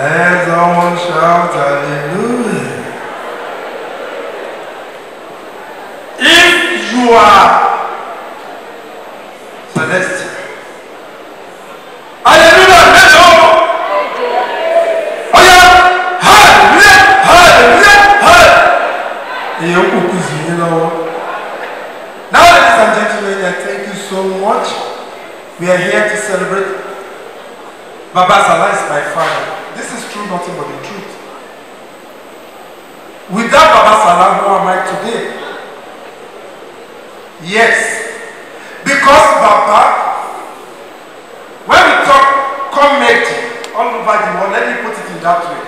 And someone shout hallelujah. If you are celestial, You know. Now, ladies and gentlemen, thank you so much. We are here to celebrate. Baba Salah is my father nothing but the truth. Without Baba Salam, who am I today? Yes. Because Baba, when we talk comedy all over the world, let me put it in that way.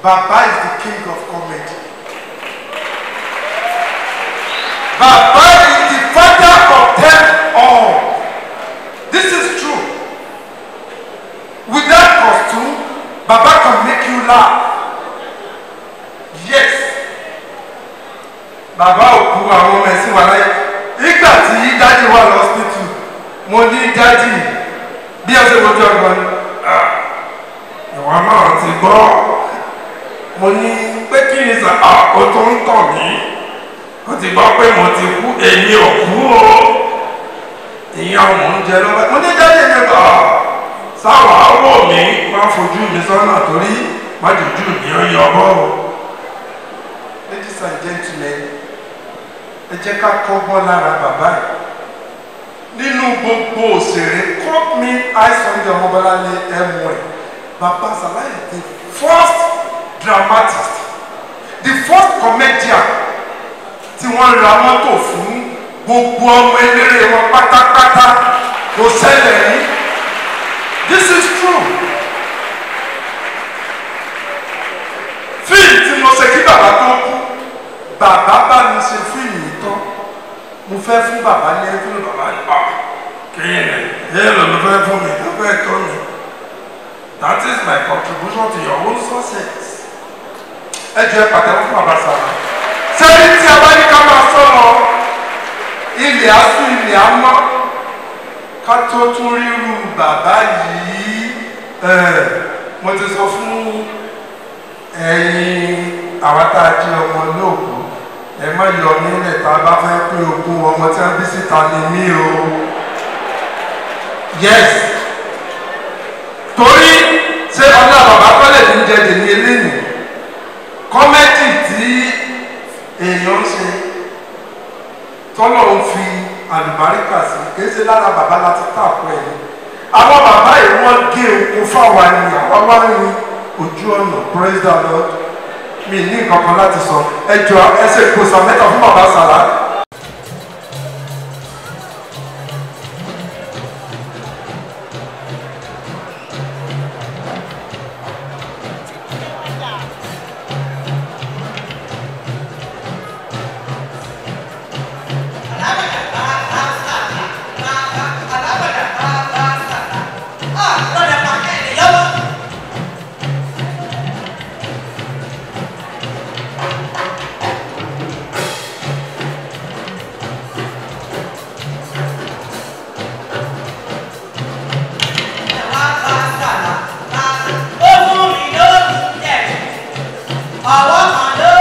Baba is the king of comedy. Baba yes bàbá òkú àwọn ọmọ ẹ̀sìn wa láyé nígbà tí dájú wà lọ́sítítù mo ní dájú bí ẹ ṣe mojú ọgbọ́n ni ìwà náà ti gbọ́ mo ní pé kí ni sà á o tó ń tàn mí o ti gbọ́ pé mo ti kú èmi ò kú o ìyẹn ọmọ oúnjẹ ló bá mo ní dájú ẹ̀mí ọ̀ sáwọn àwọ̀ mi máa fojú mi sọ́nà torí májòjú mi ó yọ bọ́ọ̀. ẹ jẹ́ ká kọ́gbọ́n lára bàbá yìí nínú gbogbo òṣèré crop me the mobile. ní ẹmu ẹ bàbá sàlàyé the first dramatist the first comedian tí wọ́n ra mọ́tò fún gbogbo ọmọ eléré wọn pátápátá kò ṣẹlẹ̀ yìí this is true fíìmù tí mo ṣe kí bàbá tó kú bàbá bá mi ṣe fíìmù mo fẹ́ fún bàbá ní ẹ fún bàbá ní pa kéyìn ẹ lọ fẹ́ fún mi ló fẹ́ tọ́ mi that is my contribution to your own success ẹ jẹ́ pàtàkì fún bàbá sára sẹ́yìn tí a bá ní ká máa sọ̀rọ̀ ilẹ̀ asún ilẹ̀ amọ́ ká tó tún ríru bàbá yìí mo ti sọ fún ẹ̀yin àwọn tá a jẹ́ ọmọ má yọ mí lẹ̀ tá a bá fẹ́ pín ogún ọmọ tí wọ́n bí síta ni mí o yes torí ṣé ọlá bàbá fẹ́lẹ̀ ní jẹ tèmi eléyìí kọ́mẹ́tì tí èèyàn ń ṣe tọ́lọ̀ ń fi àlùbáríkà sí kì í ṣe lára bàbá láti tààkù ẹ̀ ni àwọn bàbá yìí wọ́n gé oko fáwa ni àwa wá ní ojú ọ̀nà praise the lord mi ní nǹkan kan láti sọ ẹ jọ ẹ ṣe ìkóso mẹ́ta fún bàbá sàrà I want my